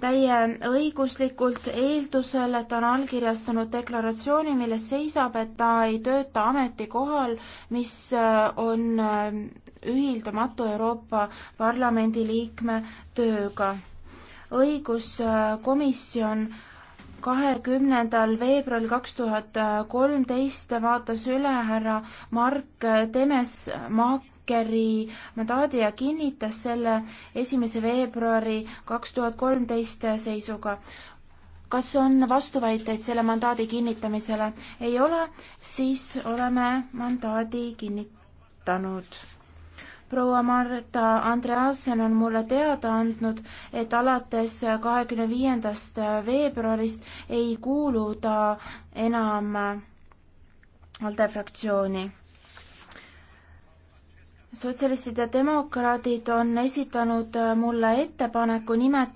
täieõiguslikult eeldusel, et ta on allkirjastanud deklaratsiooni, milles seisab, et ta ei tööta ametikohal, mis äh, on äh, ühildamatu Euroopa Parlamendi liikme tööga. õiguskomisjon kahekümnendal veebruaril kaks tuhat kolmteist vaatas üle härra Mark Temes Maak Junckeri mandaadi ja kinnitas selle esimese veebruari kaks tuhat kolmteist seisuga. kas on vastuväiteid selle mandaadi kinnitamisele? ei ole, siis oleme mandaadi kinnitanud proua Marta Andreasen on mulle teada andnud, et alates kahekümne viiendast veebruarist ei kuulu ta enam ALDE fraktsiooni sotsialistid ja demokraadid on esitanud äh, mulle ettepaneku nimetada